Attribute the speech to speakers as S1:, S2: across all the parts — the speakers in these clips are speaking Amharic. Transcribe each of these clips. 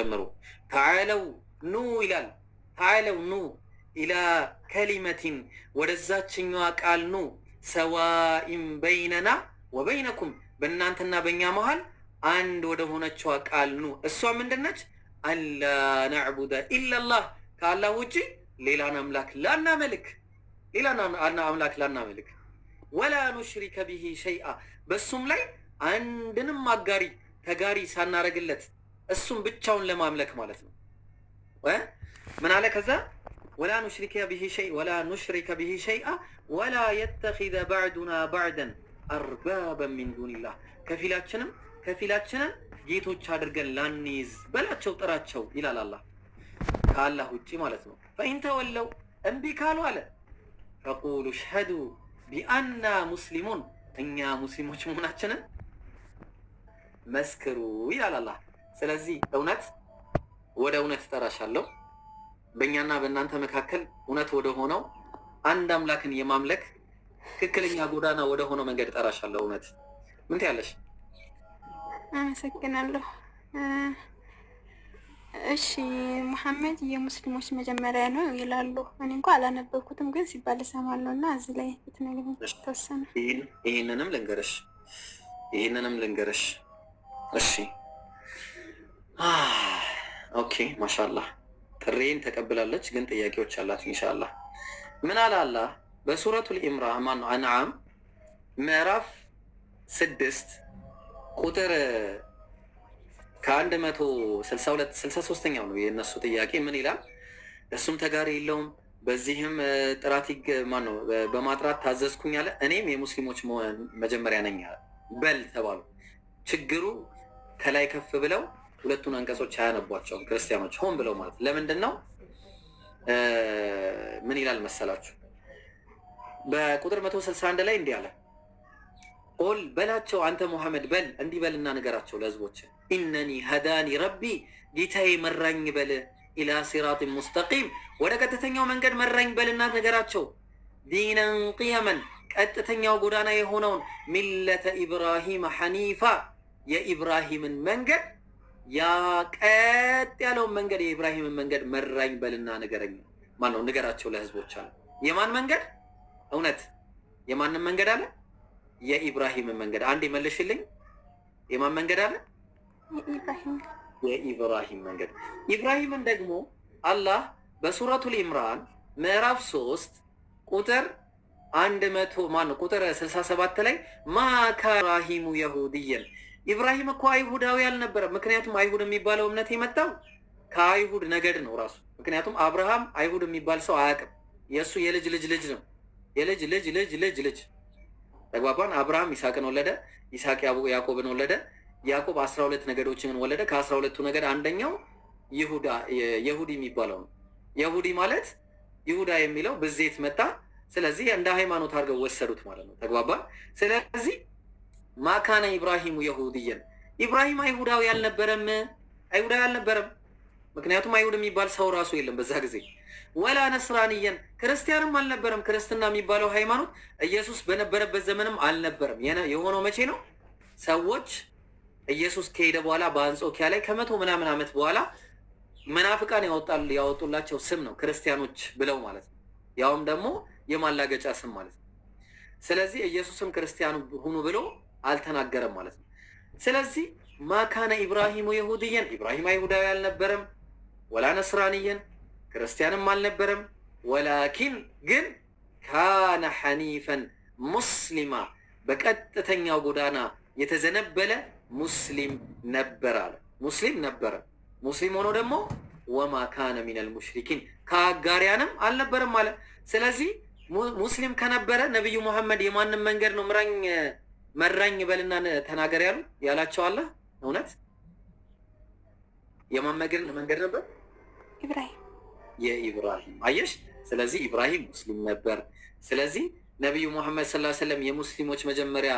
S1: ጀምሮ ተዓለው ኑ ይላል። ተዓለው ኑ ኢላ ከሊመቲን ወደዛችኛዋ ቃል ኑ ሰዋኢን በይነና ወበይነኩም በእናንተና በእኛ መሀል አንድ ወደ ሆነችዋ ቃል ኑ። እሷ ምንድነች? አላ ናዕቡደ ኢላላህ ከአላህ ውጪ ሌላን አምላክ ላናመልክ፣ ሌላን አምላክ ላናመልክ፣ ወላ ኑሽሪከ ብሂ ሸይአ በሱም ላይ አንድንም አጋሪ ተጋሪ ሳናረግለት እሱም ብቻውን ለማምለክ ማለት ነው። ምን አለ ከዛ ወላ ኑሽሪከ ቢሂ ሸይ ወላ ኑሽሪከ ቢሂ ሸይአ ወላ የተኺዘ ባዕዱና ባዕደን አርባበን ሚን ዱኒላህ ከፊላችንም ከፊላችንን ጌቶች አድርገን ላንይዝ በላቸው ጥራቸው ይላል አላህ ከአላህ ውጭ ማለት ነው። ፈኢን ተወለው እምቢ ካሉ አለ ፈቁሉ ሽሀዱ ቢአና ሙስሊሙን እኛ ሙስሊሞች መሆናችንን መስክሩ ይላል አላህ ስለዚህ እውነት ወደ እውነት እጠራሻለሁ። በእኛና በእናንተ መካከል እውነት ወደ ሆነው አንድ አምላክን የማምለክ ትክክለኛ ጎዳና ወደ ሆነው መንገድ እጠራሻለሁ። እውነት ምን ትያለሽ?
S2: አመሰግናለሁ። እሺ መሐመድ የሙስሊሞች መጀመሪያ ነው ይላሉ። እኔ እንኳ አላነበብኩትም፣ ግን ሲባል እሰማለሁ እና እዚህ ላይ ብትነግሪኝ ተወሰነ።
S1: ይህንንም ልንገርሽ ይህንንም ልንገርሽ እሺ ኦኬ ማሻላ ጥሬን ተቀብላለች፣ ግን ጥያቄዎች አላት። እንሻላ ምን አለ አላህ በሱረቱል ኢምራን ማነው አንዓም ምዕራፍ ስድስት ቁጥር ከአንድ መቶ ስልሳ ሁለት ስልሳ ሶስተኛው ነው የእነሱ ጥያቄ ምን ይላል? እሱም ተጋሪ የለውም በዚህም ጥራት ማነው በማጥራት ታዘዝኩኝ አለ። እኔም የሙስሊሞች መጀመሪያ ነኝ በል ተባሉ። ችግሩ ከላይ ከፍ ብለው ሁለቱን አንቀጾች አያነቧቸውም ክርስቲያኖች ሆን ብለው ማለት ለምንድን ነው? ምን ይላል መሰላችሁ? በቁጥር 161 ላይ እንዲህ አለ ቁል በላቸው አንተ ሙሐመድ በል እንዲህ በልና ንገራቸው ለህዝቦች ኢነኒ ሀዳኒ ረቢ ጌታዬ መራኝ በል ኢላ ሲራት ሙስተቂም ወደ ቀጥተኛው መንገድ መራኝ በልና ነገራቸው ዲነን ቅየመን ቀጥተኛው ጎዳና የሆነውን ሚለተ ኢብራሂም ሐኒፋ የኢብራሂምን መንገድ ያ ቀጥ ያለውን መንገድ የኢብራሂምን መንገድ መራኝ በልና ንገረኝ። ማን ነው ንገራቸው ለህዝቦች አለ። የማን መንገድ እውነት? የማንም መንገድ አለ? የኢብራሂምን መንገድ። አንድ ይመልሽልኝ። የማን መንገድ አለ? የኢብራሂም መንገድ። ኢብራሂምን ደግሞ አላህ በሱረቱ ልኢምራን ምዕራፍ ሶስት ቁጥር አንድ መቶ ማን ቁጥር ስልሳ ሰባት ላይ ኢብራሂሙ የሁድየን ኢብራሂም እኮ አይሁዳዊ ያልነበረ ምክንያቱም አይሁድ የሚባለው እምነት የመጣው ከአይሁድ ነገድ ነው ራሱ። ምክንያቱም አብርሃም አይሁድ የሚባል ሰው አያውቅም። የእሱ የልጅ ልጅ ልጅ ነው የልጅ ልጅ ልጅ ልጅ ልጅ ተግባባን። አብርሃም ይስሐቅን ወለደ። ይስሐቅ ያዕቆብን ወለደ። ያዕቆብ አስራ ሁለት ነገዶችን ወለደ። ከአስራ ሁለቱ ነገድ አንደኛው የሁዲ የሚባለው ነው። የሁዲ ማለት ይሁዳ የሚለው ብዜት መጣ። ስለዚህ እንደ ሃይማኖት አድርገው ወሰዱት ማለት ነው። ተግባባን። ስለዚህ ማካነ ኢብራሂሙ የሁድየን ኢብራሂም አይሁዳዊ አልነበረም። አይሁዳዊ አልነበረም። ምክንያቱም አይሁድ የሚባል ሰው ራሱ የለም በዛ ጊዜ። ወላ ነስራንየን ክርስቲያንም አልነበረም። ክርስትና የሚባለው ሃይማኖት ኢየሱስ በነበረበት ዘመንም አልነበረም። የሆነው መቼ ነው? ሰዎች ኢየሱስ ከሄደ በኋላ በአንጾኪያ ላይ ከመቶ ምናምን ዓመት በኋላ መናፍቃን ያወጡላቸው ስም ነው ክርስቲያኖች ብለው ማለት ነው። ያውም ደግሞ የማላገጫ ስም ማለት ነው። ስለዚህ ኢየሱስም ክርስቲያኑ ሁኑ ብሎ አልተናገረም ማለት ነው። ስለዚህ ማካነ ኢብራሂሙ የሁድየን ኢብራሂም አይሁዳዊ አልነበረም፣ ወላ ነስራንየን ክርስቲያንም አልነበረም። ወላኪን ግን ካነ ሐኒፈን ሙስሊማ በቀጥተኛው ጎዳና የተዘነበለ ሙስሊም ነበር አለ። ሙስሊም ነበረ። ሙስሊም ሆኖ ደግሞ ወማ ካነ ሚነል ሙሽሪኪን ከአጋሪያንም አልነበረም አለ። ስለዚህ ሙስሊም ከነበረ ነቢዩ ሙሐመድ የማንም መንገድ ነው ምራኝ መራኝ በልና ተናገር ያሉ ያላቸው አለ። እውነት የማመገር መንገድ ነበር ኢብራሂም የኢብራሂም አየሽ። ስለዚህ ኢብራሂም ሙስሊም ነበር። ስለዚህ ነቢዩ ሙሐመድ ስላ ሰለም የሙስሊሞች መጀመሪያ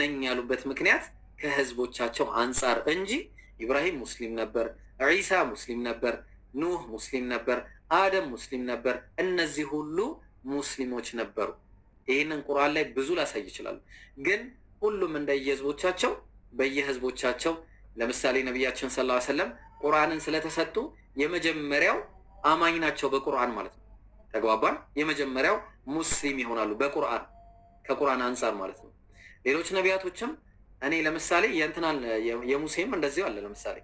S1: ነኝ ያሉበት ምክንያት ከህዝቦቻቸው አንጻር እንጂ ኢብራሂም ሙስሊም ነበር፣ ዒሳ ሙስሊም ነበር፣ ኑህ ሙስሊም ነበር፣ አደም ሙስሊም ነበር። እነዚህ ሁሉ ሙስሊሞች ነበሩ። ይህንን ቁርአን ላይ ብዙ ላሳይ ይችላሉ ግን ሁሉም እንደየህዝቦቻቸው በየህዝቦቻቸው ለምሳሌ ነቢያችን ስ ዐለይሂ ቁርአንን ስለተሰጡ የመጀመሪያው አማኝ ናቸው በቁርአን ማለት ነው። ተግባባን። የመጀመሪያው ሙስሊም ይሆናሉ በቁርአን ከቁርአን አንጻር ማለት ነው። ሌሎች ነቢያቶችም እኔ ለምሳሌ የእንትናን የሙሴም እንደዚሁ አለ። ለምሳሌ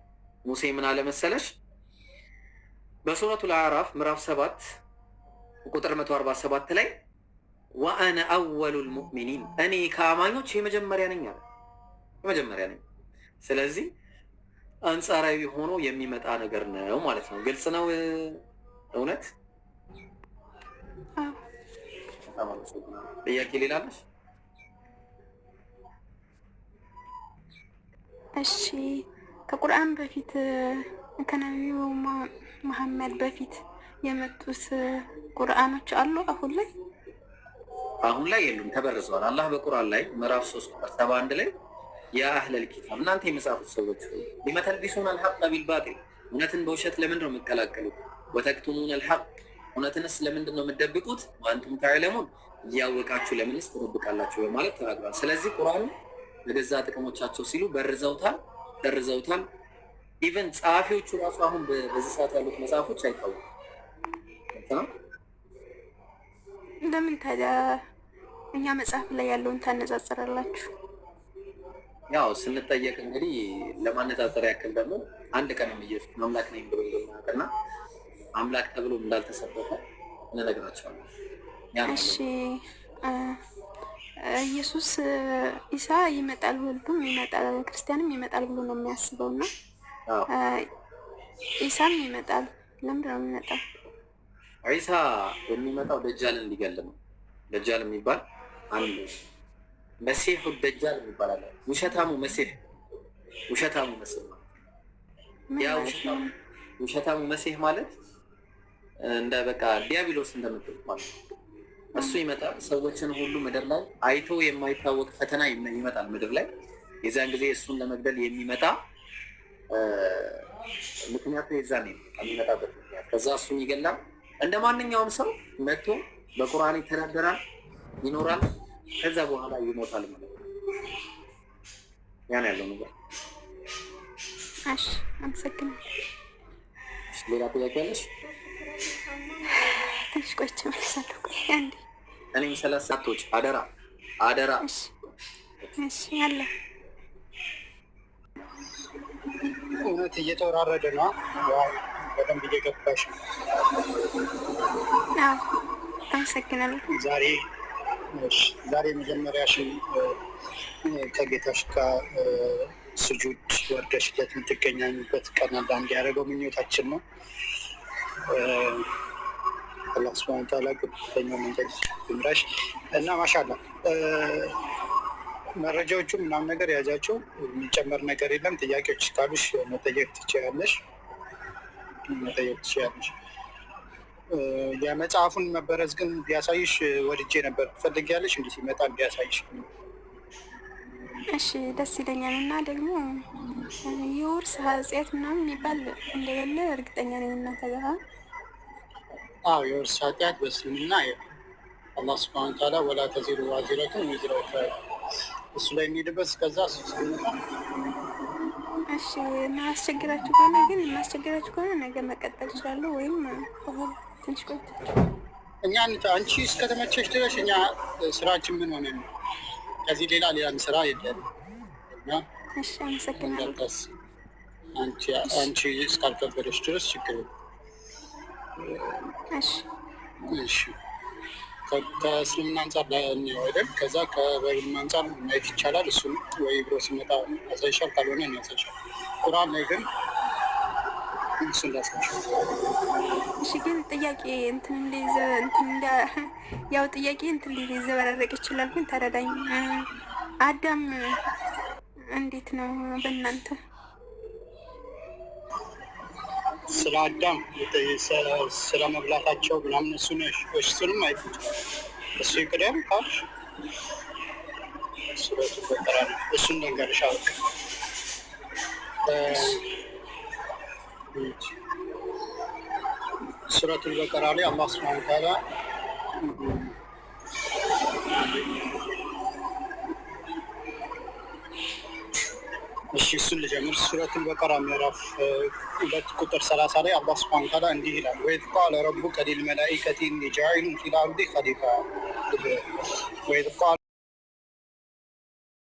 S1: ሙሴ ምን አለመሰለሽ በሱረቱ በሱረቱል ምዕራፍ ሰባት ቁጥር ሰባት ላይ ወአነ አወሉል ልሙእሚኒን እኔ ከአማኞች የመጀመሪያ ነኝ አለ። የመጀመሪያ ነኝ። ስለዚህ አንጻራዊ ሆኖ የሚመጣ ነገር ነው ማለት ነው። ግልጽ ነው። እውነት ጥያቄ ሌላለች?
S2: እሺ ከቁርአን በፊት ከነቢዩ መሐመድ በፊት የመጡት ቁርአኖች አሉ አሁን ላይ
S1: አሁን ላይ የሉም፣ ተበርዘዋል። አላህ በቁርአን ላይ ምዕራፍ ሶስት ቁጥር ሰባ አንድ ላይ ያ አህለል ኪታብ እናንተ የመጻፉት ሰዎች ሊመ ተልቢሱን አልሐቅ ቢልባጢል እውነትን በውሸት ለምንድን ነው የምትቀላቀሉት? ወተክቱሙን አልሐቅ እውነትንስ ለምንድን ነው የምትደብቁት? ወአንቱም ተዕለሙን እያወቃችሁ ለምንስ ትደብቃላችሁ? በማለት ተናግሯል። ስለዚህ ቁርአኑ ለገዛ ጥቅሞቻቸው ሲሉ በርዘውታል፣ ጠርዘውታል። ኢቨን ጸሐፊዎቹ ራሱ አሁን በዚህ ሰዓት ያሉት መጽሐፎች አይታወቁም።
S2: ለምን ታዲያ እኛ መጽሐፍ ላይ ያለውን ታነጻጽራላችሁ።
S1: ያው ስንጠየቅ እንግዲህ ለማነጻጸር ያክል ደግሞ አንድ ቀን ኢየሱስ አምላክ ነኝ ብሎ እንደማያውቅና አምላክ ተብሎ እንዳልተሰበከ እንነግራቸዋለን።
S2: እሺ ኢየሱስ ኢሳ ይመጣል፣ ወልዱም ይመጣል፣ ክርስቲያንም ይመጣል ብሎ ነው የሚያስበው እና ኢሳም ይመጣል። ለምንድን ነው የሚመጣው?
S1: ኢሳ የሚመጣው ደጃልን ሊገል ነው። ደጃል የሚባል አንዱ መሲሑ ደጃል ይባላል። ውሸታሙ መሲሕ ውሸታሙ መሲሕ ያ ውሸታሙ መሲሕ ማለት እንደ በቃ ዲያብሎስ እንደምትል ማለት እሱ ይመጣል። ሰዎችን ሁሉ ምድር ላይ አይቶ የማይታወቅ ፈተና ይመጣል ምድር ላይ። የዚያን ጊዜ እሱን ለመግደል የሚመጣ ምክንያቱ የዛን የሚመጣበት ምክንያት ከዛ እሱን ይገላል። እንደ ማንኛውም ሰው መጥቶ በቁርአን ይተዳደራል ይኖራል። ከዛ በኋላ ይሞታል ማለት ነው። ያን ያለው ነገር።
S2: እሺ፣ አመሰግናለሁ።
S1: ሌላ ጥያቄ አለሽ?
S2: ትንሽ ቆይቼ እመልሳለሁ።
S1: እኔም ሰላሳ ሰዓቶች አደራ አደራ።
S2: እሺ፣ ያለ
S3: እውነት እየተወራረደ ነው። በደንብ እየገባሽ ነው።
S2: አመሰግናለሁ
S3: ዛሬ ዛሬ መጀመሪያሽን ከጌታሽ ጋር ስጁድ ወርደሽለት የምትገናኙበት ቀን አላ እንዲያደርገው ምኞታችን ነው። አላህ ስብሃነ ተዓላ ግበኛው መንገድ ይምራሽ እና ማሻላ መረጃዎቹ ምናምን ነገር የያዛቸው የሚጨመር ነገር የለም። ጥያቄዎች ካሉሽ መጠየቅ ትችያለሽ መጠየቅ ትችያለሽ። የመጽሐፉን መበረዝ ግን ቢያሳይሽ ወድጄ ነበር። ትፈልጊያለሽ? እንዲህ ሲመጣ ቢያሳይሽ።
S2: እሺ ደስ ይለኛል። እና ደግሞ የውርስ ኃጢአት ምናምን የሚባል እንደሌለ እርግጠኛ ነኝ። እና ተገባ
S3: አዎ፣ የውርስ ኃጢአት በእስልምና አላህ ስብሐነ ተዓላ ወላ ተዚሩ ዋዚረቱን ዊዝራ ኡኽራ እሱ ላይ የሚሄድበት እስከዛ
S2: እሺ። ማስቸግራችሁ ከሆነ ግን ማስቸግራችሁ ከሆነ ነገ መቀጠል ይችላሉ ወይም ትንሽ ቆይ
S3: እኛ አንቺ እስከተመቸሽ ድረስ እኛ ስራችን ምን ሆነ ነው? ከዚህ ሌላ ሌላም ስራ የለም። እንዳታስ አንቺ እስካልከበደሽ ድረስ ችግር ከእስልምና አንጻር አይደል? ከዛ ከበሪም አንጻር ማየት ይቻላል። እሱን ወይ ብሮ ሲመጣ ያሳይሻል፣ ካልሆነ ያሳይሻል። ቁርአን ላይ ግን
S2: እሺ ግን ጥያቄ እንትን እንደይዘ እንትን ያው ጥያቄ እንትን ሊዘበረረቅ ይችላል። ግን ተረዳኝ። አዳም እንዴት ነው በእናንተ
S3: ስለ አዳም ስለ መብላታቸው ምናምን እሱ ነው እሱንም አይሉት እሱ ይቅደም ካልሽ እሱ በቱ እሱን ነገርሽ አውቅ بيج سورة البقرة لي الله سبحانه وتعالى ماشي السن اللي جامل سورة البقرة ميراف آه، بات كتر ثلاثة لي الله سبحانه وتعالى عندي هلال وإذ قال ربك للملائكة إني جاعل في الأرض خليفة وإذ قال